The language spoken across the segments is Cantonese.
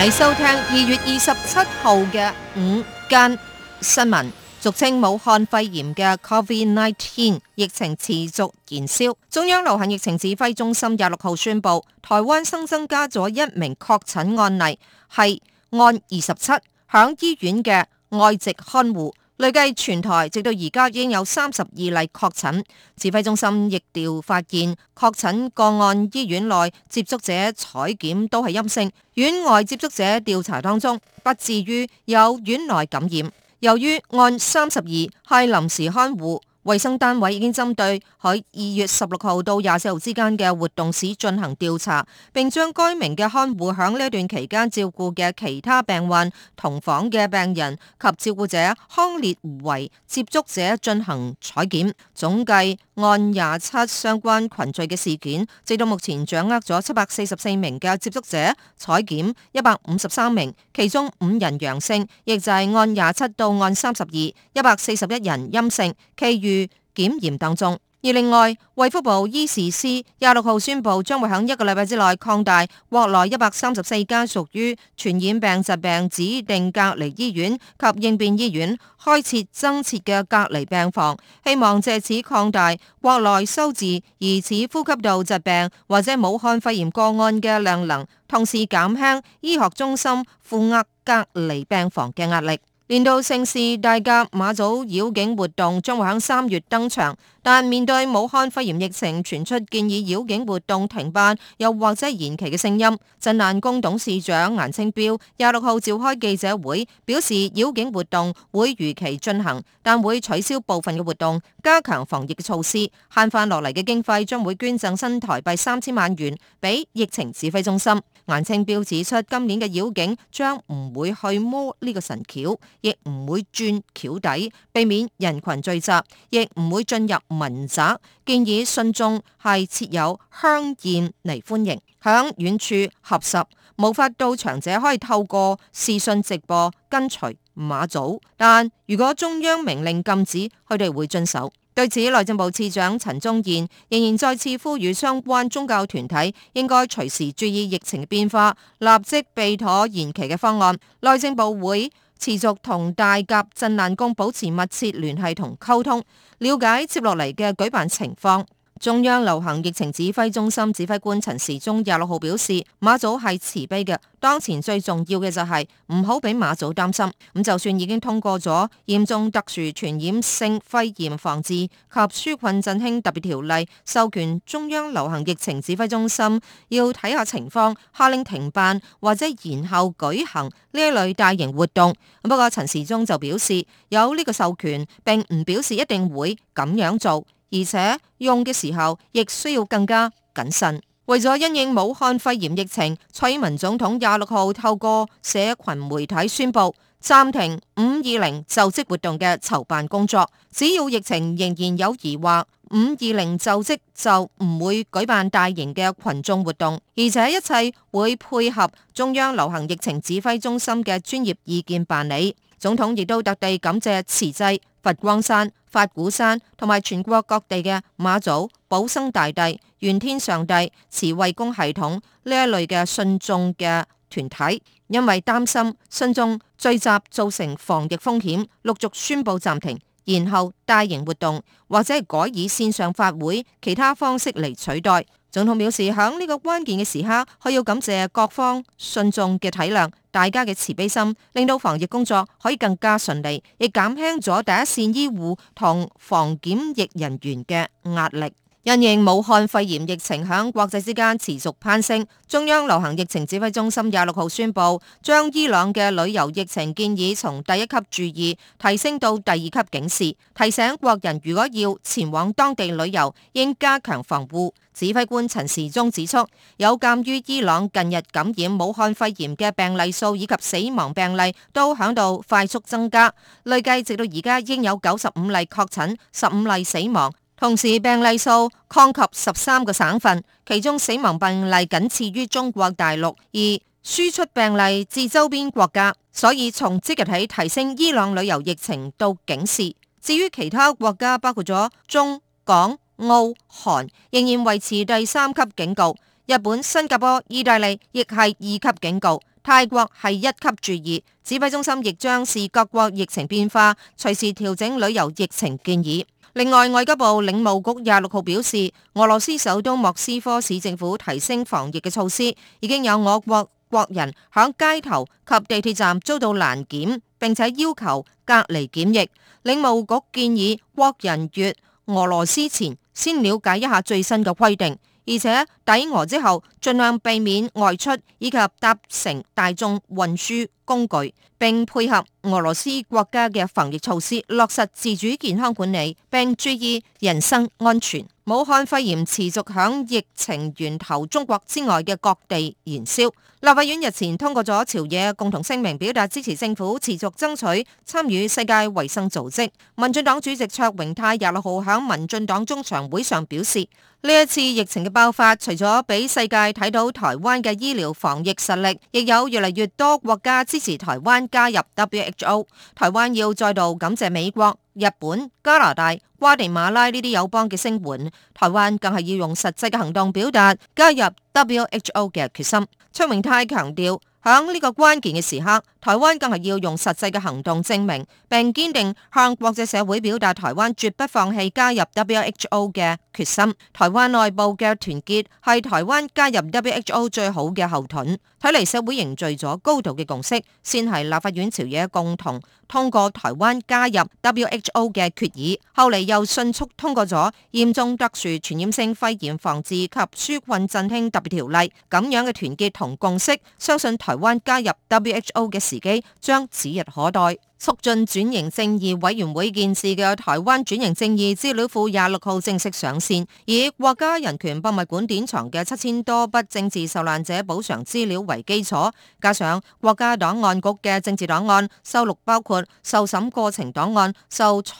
你收聽二月二十七號嘅午間新聞，俗稱武漢肺炎嘅 COVID-19 疫情持續燃燒。中央流行疫情指揮中心廿六號宣佈，台灣新增加咗一名確診案例，係案二十七，響醫院嘅外籍看護。累計全台直到而家已經有三十二例確診，指揮中心疫調發現確診個案醫院內接觸者採檢都係陰性，院外接觸者調查當中不至於有院內感染。由於案三十二係臨時看護，衛生單位已經針對喺二月十六號到廿四號之間嘅活動史進行調查，並將該名嘅看護喺呢段期間照顧嘅其他病患，同房嘅病人及照顧者康烈，康列為接觸者進行採檢，總計。案廿七相關群聚嘅事件，直到目前掌握咗七百四十四名嘅接觸者，採檢一百五十三名，其中五人陽性，亦就係案廿七到案三十二，一百四十一人陰性，其餘檢驗當中。而另外，衛福部醫事司廿六號宣布，將會喺一個禮拜之內擴大國內一百三十四家屬於傳染病疾病指定隔離醫院及應變醫院開設增設嘅隔離病房，希望借此擴大國內收治疑似呼吸道疾病或者武漢肺炎個案嘅量能，同時減輕醫學中心負壓隔離病房嘅壓力。年度盛事大甲媽祖繞境活動將會喺三月登場。但面對武漢肺炎疫情傳出建議繞境活動停辦又或者延期嘅聲音，鎮瀾宮董事長顏清標廿六號召開記者會，表示繞境活動會如期進行，但會取消部分嘅活動，加強防疫嘅措施。慳返落嚟嘅經費將會捐贈新台幣三千萬元俾疫情指揮中心。顏清標指出，今年嘅繞境將唔會去摸呢個神轎，亦唔會轉轎底，避免人群聚集，亦唔會進入。文宅建議信眾係設有香案嚟歡迎，響遠處合十，無法到場者可以透過視訊直播跟隨媽祖。但如果中央明令禁止，佢哋會遵守。對此，內政部次長陳宗彥仍然再次呼籲相關宗教團體應該隨時注意疫情嘅變化，立即備妥延期嘅方案。內政部會持續同大甲鎮南宮保持密切聯繫同溝通，了解接落嚟嘅舉辦情況。中央流行疫情指揮中心指揮官陳時中廿六號表示，媽祖係慈悲嘅，當前最重要嘅就係唔好俾媽祖擔心。咁就算已經通過咗嚴重特殊傳染性肺炎防治及紓困振興特別條例，授權中央流行疫情指揮中心要睇下情況，下令停辦或者延後舉行呢一類大型活動。不過陳時中就表示，有呢個授權，並唔表示一定會咁樣做。而且用嘅時候亦需要更加謹慎。為咗因應武漢肺炎疫情，蔡文總統廿六號透過社群媒體宣布暫停五二零就職活動嘅籌辦工作。只要疫情仍然有疑惑，五二零就職就唔會舉辦大型嘅群眾活動，而且一切會配合中央流行疫情指揮中心嘅專業意見辦理。總統亦都特地感謝慈濟、佛光山、法鼓山同埋全國各地嘅馬祖、保生大帝、玄天上帝、慈惠宮系統呢一類嘅信眾嘅團體，因為擔心信眾聚集造成防疫風險，陸續宣布暫停，然後大型活動或者改以線上法會其他方式嚟取代。總統表示，喺呢個關鍵嘅時刻，佢要感謝各方信眾嘅體諒，大家嘅慈悲心，令到防疫工作可以更加順利，亦減輕咗第一線醫護同防檢疫人員嘅壓力。因應武漢肺炎疫情響國際之間持續攀升，中央流行疫情指揮中心廿六號宣布，將伊朗嘅旅遊疫情建議從第一級注意提升到第二級警示，提醒國人如果要前往當地旅遊，應加強防護。指揮官陳時中指出，有鑒於伊朗近日感染武漢肺炎嘅病例數以及死亡病例都響度快速增加，累計直到而家應有九十五例確診，十五例死亡。同時病例數擴及十三個省份，其中死亡病例僅次於中國大陸。而輸出病例至周邊國家，所以從即日起提升伊朗旅遊疫情到警示。至於其他國家，包括咗中、港、澳、韓，仍然維持第三級警告。日本、新加坡、意大利亦係二級警告。泰國係一級注意。指揮中心亦將視各國疫情變化，隨時調整旅遊疫情建議。另外，外交部領務局廿六號表示，俄羅斯首都莫斯科市政府提升防疫嘅措施，已經有我國國人喺街頭及地鐵站遭到攔檢，並且要求隔離檢疫。領務局建議國人越俄羅斯前，先了解一下最新嘅規定。而且抵俄之後，盡量避免外出以及搭乘大眾運輸工具，並配合俄羅斯國家嘅防疫措施，落實自主健康管理，並注意人身安全。武漢肺炎持續響疫情源頭中國之外嘅各地燃燒。立法院日前通過咗朝野共同聲明，表達支持政府持續爭取參與世界衛生組織。民進黨主席卓榮泰廿六號喺民進黨中常會上表示，呢一次疫情嘅爆發，除咗俾世界睇到台灣嘅醫療防疫實力，亦有越嚟越多國家支持台灣加入 WHO。台灣要再度感謝美國。日本、加拿大、瓜地馬拉呢啲友邦嘅聲援，台灣更係要用實際嘅行動表達加入 WHO 嘅決心。張榮泰強調。喺呢個關鍵嘅時刻，台灣更係要用實際嘅行動證明，並堅定向國際社會表達台灣絕不放棄加入 WHO 嘅決心。台灣內部嘅團結係台灣加入 WHO 最好嘅後盾。睇嚟社會凝聚咗高度嘅共識，先係立法院朝野共同通過台灣加入 WHO 嘅決議，後嚟又迅速通過咗嚴重特殊傳染性肺炎防治及紓困振興特別條例。咁樣嘅團結同共識，相信台。台灣加入 WHO 嘅時機將指日可待，促進轉型正義委員會建置嘅台灣轉型正義資料庫廿六號正式上線，以國家人權博物館典藏嘅七千多筆政治受難者補償資料為基礎，加上國家檔案局嘅政治檔案，收錄包括受審過程檔案、受裁。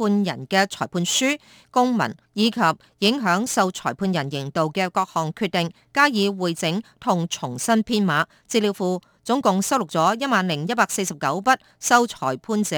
判人嘅裁判書、公文以及影響受裁判人刑度嘅各項決定加以匯整同重新編碼，資料庫總共收錄咗一萬零一百四十九筆受裁判者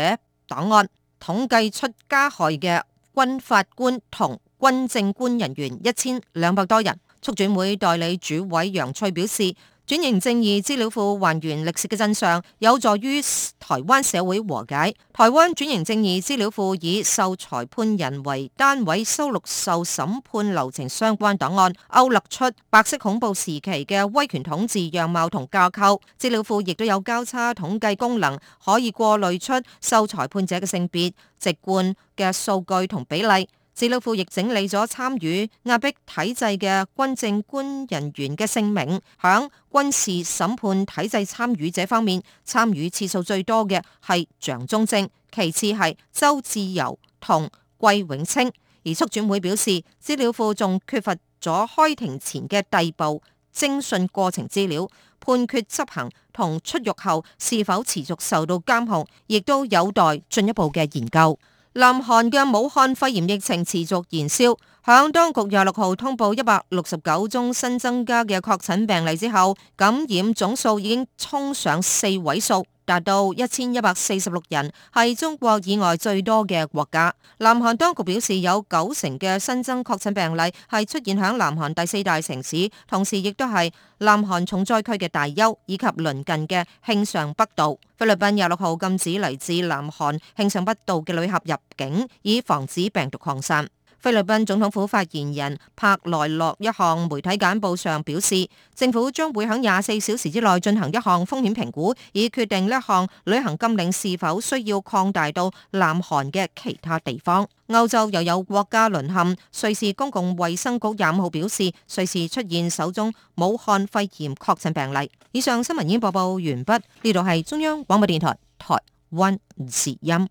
檔案，統計出加害嘅軍法官同軍政官人員一千兩百多人。促轉會代理主委楊翠表示。轉型正義資料庫還原歷史嘅真相，有助於台灣社會和解。台灣轉型正義資料庫以受裁判人為單位收錄受審判流程相關檔案，勾勒出白色恐怖時期嘅威權統治樣貌同架構。資料庫亦都有交叉統計功能，可以過濾出受裁判者嘅性別、籍貫嘅數據同比例。資料庫亦整理咗參與壓迫體制嘅軍政官人員嘅姓名，響軍事審判體制參與者方面，參與次數最多嘅係蔣中正，其次係周至柔同桂永清。而促轉會表示，資料庫仲缺乏咗開庭前嘅逮捕偵訊過程資料、判決執行同出獄後是否持續受到監控，亦都有待進一步嘅研究。南韓嘅武漢肺炎疫情持續延燒，響當局廿六號通報一百六十九宗新增加嘅確診病例之後，感染總數已經衝上四位數。達到一千一百四十六人，係中國以外最多嘅國家。南韓當局表示，有九成嘅新增確診病例係出現響南韓第四大城市，同時亦都係南韓重災區嘅大邱以及鄰近嘅慶尚北道。菲律賓廿六號禁止嚟自南韓慶尚北道嘅旅客入境，以防止病毒擴散。菲律賓總統府發言人帕萊洛一項媒體簡報上表示，政府將會喺廿四小時之內進行一項風險評估，以決定呢一項旅行禁令是否需要擴大到南韓嘅其他地方。歐洲又有國家淪陷，瑞士公共衛生局廿五號表示，瑞士出現首宗武漢肺炎確診病例。以上新聞已經播報完畢，呢度係中央廣播電台台灣之音。